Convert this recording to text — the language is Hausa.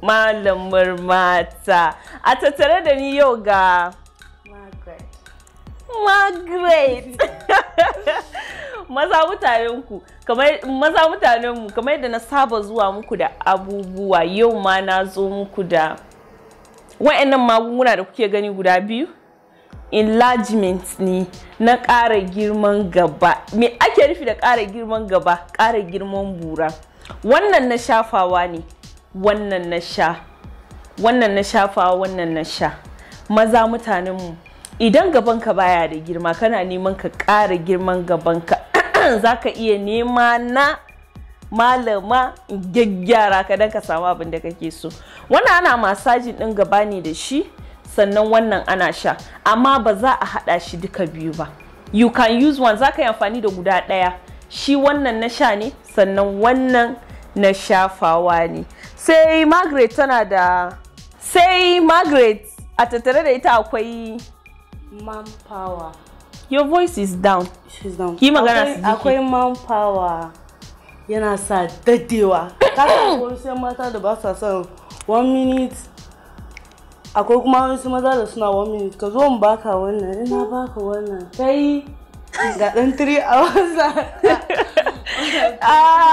malamar mata a tattare da ni yau ga margaret maza mutanenmu kamar da na saba zuwa muku da abubuwa yau ma na zo muku da wa'annan magunguna da kuke gani guda biyu enlargement ne na ƙara girman gaba me ake nufi da ƙara girman gaba ƙara girman bura wannan na shafawa ne wannan na sha wannan na shafa wannan na sha maza mutanenmu idan gabanka baya da girma kana neman ka ƙara girman gabanka za ka iya nema na malama gyaggyara ka don ka samu abin da kake so wannan ana masajin ɗin gaba ne da shi sannan wannan ana sha amma ba za a haɗa shi duka biyu ba you can use one za ka yi amfani da guda ɗaya shi wannan na sha ne sannan wannan na shafawa ne sai margaret tana da sai margaret a tattare da ita akwai manpower your voice is down she's down ki magana su akwai manpower yana sa dadewa kasa akwai sai mata da ba sa son one minute akwai kuma wasu maza da suna one minute ka zo in baka wannan ina baka wannan sai ga ɗan 3 hours ah.